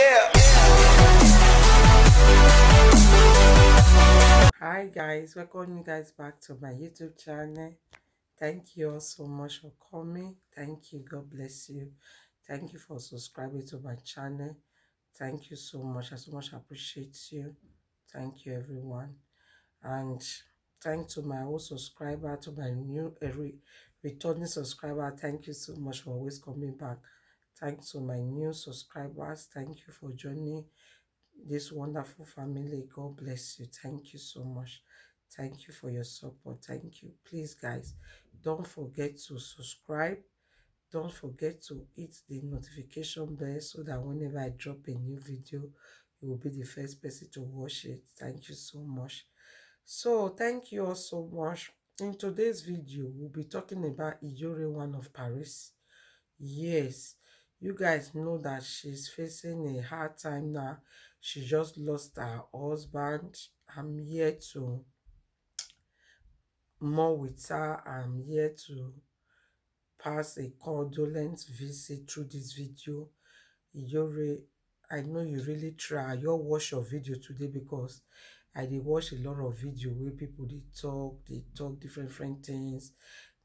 Yeah. Hi guys, welcome you guys back to my YouTube channel. Thank you all so much for coming. Thank you. God bless you. Thank you for subscribing to my channel. Thank you so much. I so much appreciate you. Thank you everyone. And thank to my old subscriber, to my new every eh, returning subscriber. Thank you so much for always coming back Thanks to my new subscribers. Thank you for joining this wonderful family. God bless you. Thank you so much. Thank you for your support. Thank you. Please, guys, don't forget to subscribe. Don't forget to hit the notification bell so that whenever I drop a new video, you will be the first person to watch it. Thank you so much. So, thank you all so much. In today's video, we'll be talking about Ijore, one of Paris. Yes, you guys know that she's facing a hard time now she just lost her husband i'm here to more with her i'm here to pass a condolence visit through this video Iyore i know you really try you watch your video today because i did watch a lot of video where people dey talk dey talk different different things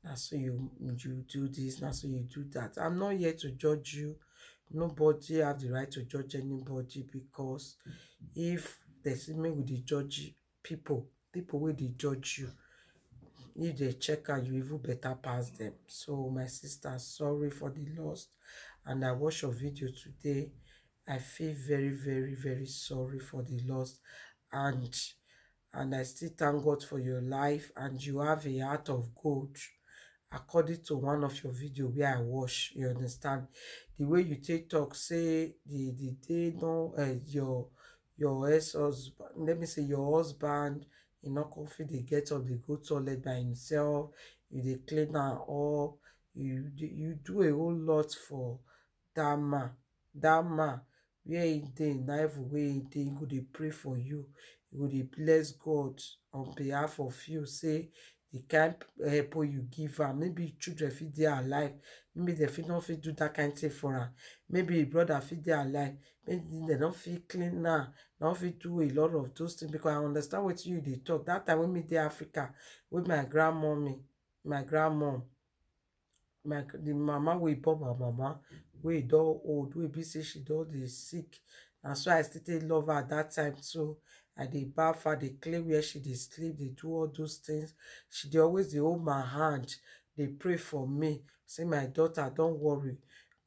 That's so you you do this. That's so you do that. I'm not here to judge you. Nobody have the right to judge anybody because if there's me with the judge people, people will they judge you. If they check out, you even better pass them. So my sister, sorry for the loss. And I watch your video today. I feel very, very, very sorry for the loss. And and I still thank God for your life and you have a heart of gold according to one of your video where i watch you understand the way you take talk say the the day no uh, your your ex-husband let me say your husband e not coffee. They get up dey go toilet by himself you they clean am up you you do a whole lot for dat man dat man where e dey na evil wey go They pray for you e go they bless god on behalf of you say the kind help you give her. maybe children fit dey alive maybe they fit no fit do that kind thing for her. maybe im brother fit dey alive maybe they don't fit clean now. Don't no fit do a lot of those things because i understand what you they talk that time when me dey africa with my grandmummy my grandmum my the mama we born my mama We don old We be say she don the sick na so i still love her that time too i dey baff her dey clean where she dey sleep dey do all those things she dey always dey hold my hand dey pray for me say my daughter don't worry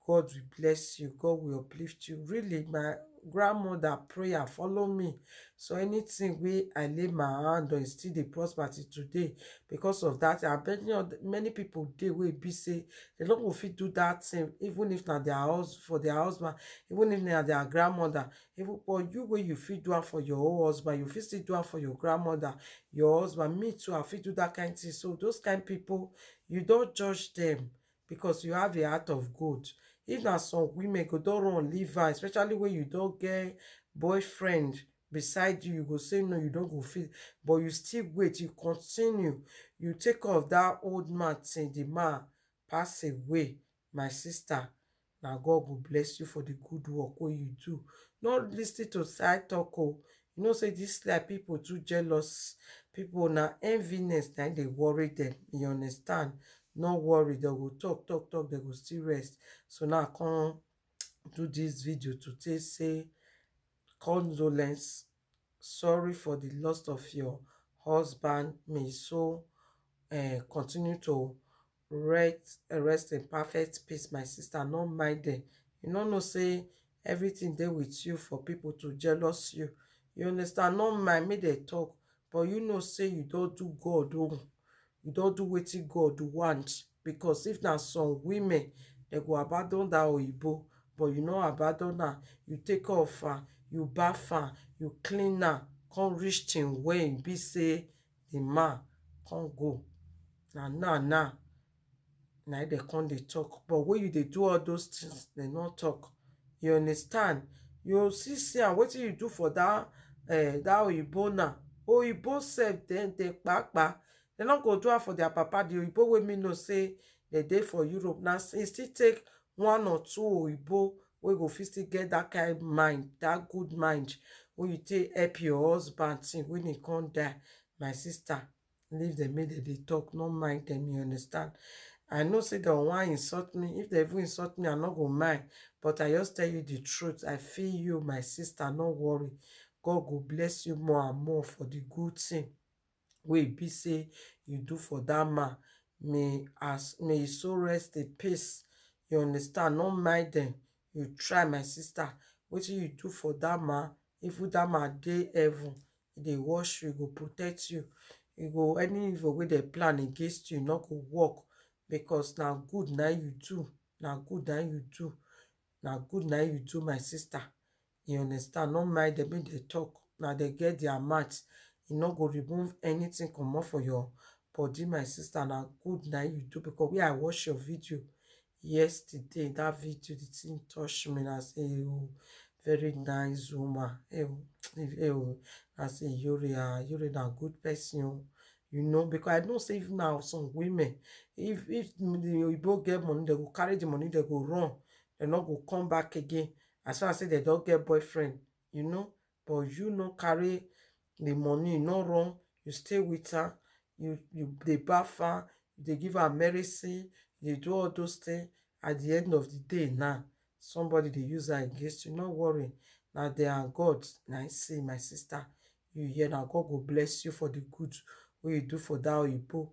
God will bless you. God will uplift you. Really, my grandmother prayer follow me. So anything we I lay my hand on still the prosperity today. Because of that, I bet many people they will be say they no will fit do that thing, even if not their house for their husband, even if na their grandmother. Even for you wey you fit do it for your husband, you fit still do it for your grandmother, your husband. Me too, I fit do that kind thing. So those kind people, you don't judge them because you have a heart of good if na some women go don run leave her especially when you don get boyfriend beside you you go say no you don go fit but you still wait you continue you take off that old man till the man pass away my sister na god go bless you for the good work wey you do no lis ten to side talk o oh. you know say dis life people too jealous People na enviness na im dey worry them. you understand no worry they go talk talk talk they go still rest so now i come do this video to take say condolence sorry for the loss of your husband may so uh, continue to rest rest in perfect peace my sister no mind them you know, no say everything dey with you for people to jealous you you understand no mind me they talk but you know say you don't do god own you don't do wetin god want because if na some women they go abandon that oyibo but you know abandon am you take off am you baff am you clean am come reach till when e be say the man come go Now now now now they e come they talk but when you they do all those things they not talk you understand you see see and what do you do for dat eh dat now na oyibo then dem back, kpakpa They no go do it for their papa di oyibo wey me know say dem day for europe Now, e still take one or two oyibo wey go fit to get that kind mind that good mind When you take help your husband thing When he come there, my sister leave dem make They talk no mind them. you understand i know say dem wan insult me if they even insult me i no go mind but i just tell you the truth i feel you my sister no worry god go bless you more and more for the good thing wey e be say you do for dat man may as may his soul rest in peace you understand no mind dem you try my sister wetin you do for dat man even dat man dey heaven e dey wash you e go protect you you go any evil wey dem plan against you e no go work because na good na you do na good na you do na good na you do my sister you understand no mind dem make dem talk na dem get their mouth e no go remove anytin comot for your body my sister na good na you do becos wey i watch your video yesterday That video di tin touch me na say oh very nice woman oh na say yori ah yori na good person oh you know because i know say if now some women if if the oyibo get money they go carry the money they go run They no go come back again as far as say they don get boyfriend you know but you no carry the money no wrong. you stay with her you you They baff her They give her medicine They do all those things at the end of the day now somebody they use her against you no worry Now na are god Now him say my sister you hear now god will bless you for the good What you do for that oyibo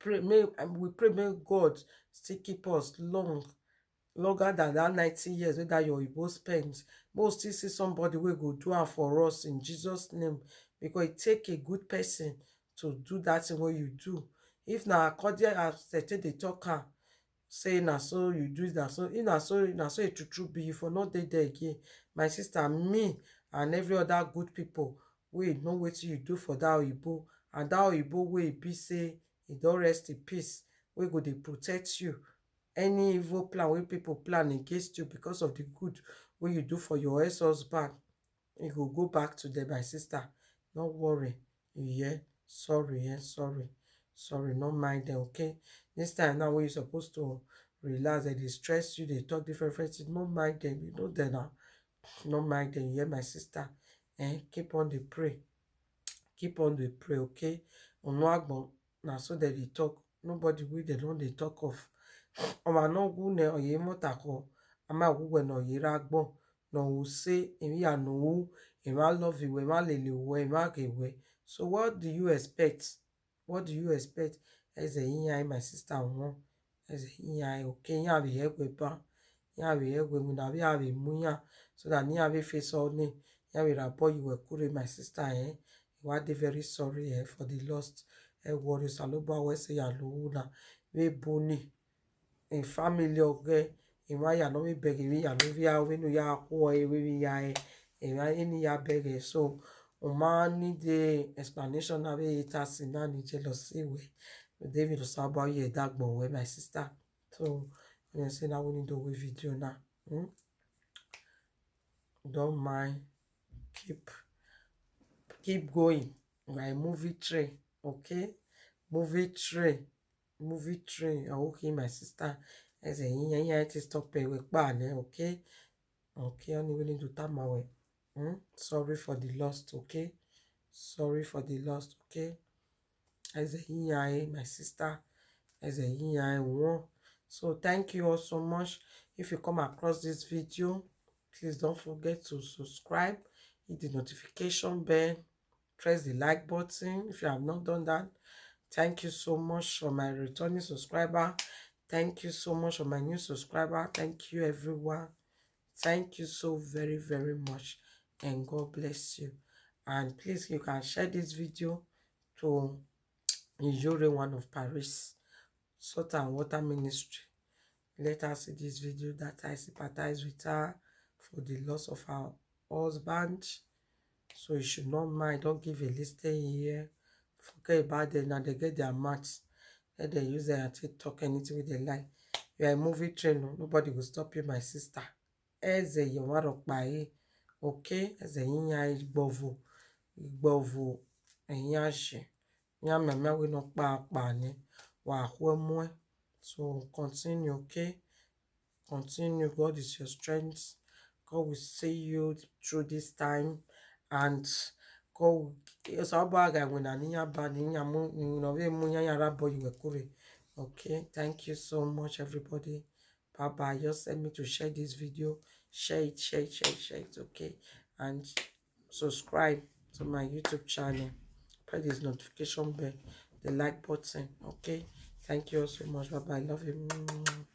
pray may we pray may god still keep us long longer than that 90 years That dat your oyibo spend make we still see somebody will go do am for us in jesus name because it take a good person to do that thing what you do if na according as dem take dey talk am say na so you do that so if na so na so e true true be you for not dey there again my sister me and every other good people. wey know wetin you do for that oyibo and that oyibo will be say e don't rest in peace We go they protect you any evil plan where people plan against you because of the good what you do for your ex-husband you will go back to them my sister no worry you hear sorry eh sorry sorry Not mind them okay this time now wey you supposed to relax dem dey stress you they talk different different things no mind them you know them now no mind them you hear my sister eh keep on the pray keep on the pray okay onuagbon na so dem dey talk nobody will. They don't they talk of ọmanọgwu ne oyemotakọ amagwugwe na oyeragbọn na ose emiya no wu ema love iwe ema lele uwe ema gewe so what do you expect what do you expect eze yiyan my sister wọn eze yiyan oke yan bi egwe ba yan bi egwe mu na bi a bi mu so that yan bi face all ni yan bi rabo iwe kure my sister eh iwa dey very sorry eh for the lost eh worries alobawo ese ya lowu na wey bo ni in family okay. ima ya no mi bege mi ya no vi we no ya ko e we mi ya e ima ini ya bege so uma need the explanation na we ita si na ni jealousy we David Osaba ye dagbo we my sister so you say na we need to we video na hmm? don't mind keep keep going my movie tray okay movie tray movie train. Oh, okay, my sister. I say, yeah, yeah, it is stop pay with okay? Okay, only willing to tap my way. Hmm? Sorry for the lost, okay? Sorry for the lost, okay? I say, yeah, my sister. I say, yeah, one. So thank you all so much. If you come across this video, please don't forget to subscribe hit the notification bell press the like button if you have not done that Thank you so much for my returning subscriber. Thank you so much for my new subscriber. Thank you, everyone. Thank you so very, very much. And God bless you. And please, you can share this video to Ijore one of Paris, Salt and Water Ministry. Let us see this video that I sympathize with her for the loss of her husband. So you should not mind. Don't give a listing here forget about dem Now they get their match let they use their take talk anything with their like you are a movie trainer nobody will stop you my sister eze yewarokpa buy e, oke eze yinya igbovo igbovo ẹyin àṣẹ yàmàmà wey no pa pa ni wàhùẹmùẹ e e. so continue okay continue God is your strength God will see you through this time and kowu yosabaga wena niya ba niya mu nove munya yara boy wekure okay thank you so much everybody bye bye just send me to share this video share it share it share it, share it okay and subscribe to my youtube channel press this notification bell the like button okay thank you all so much bye bye love you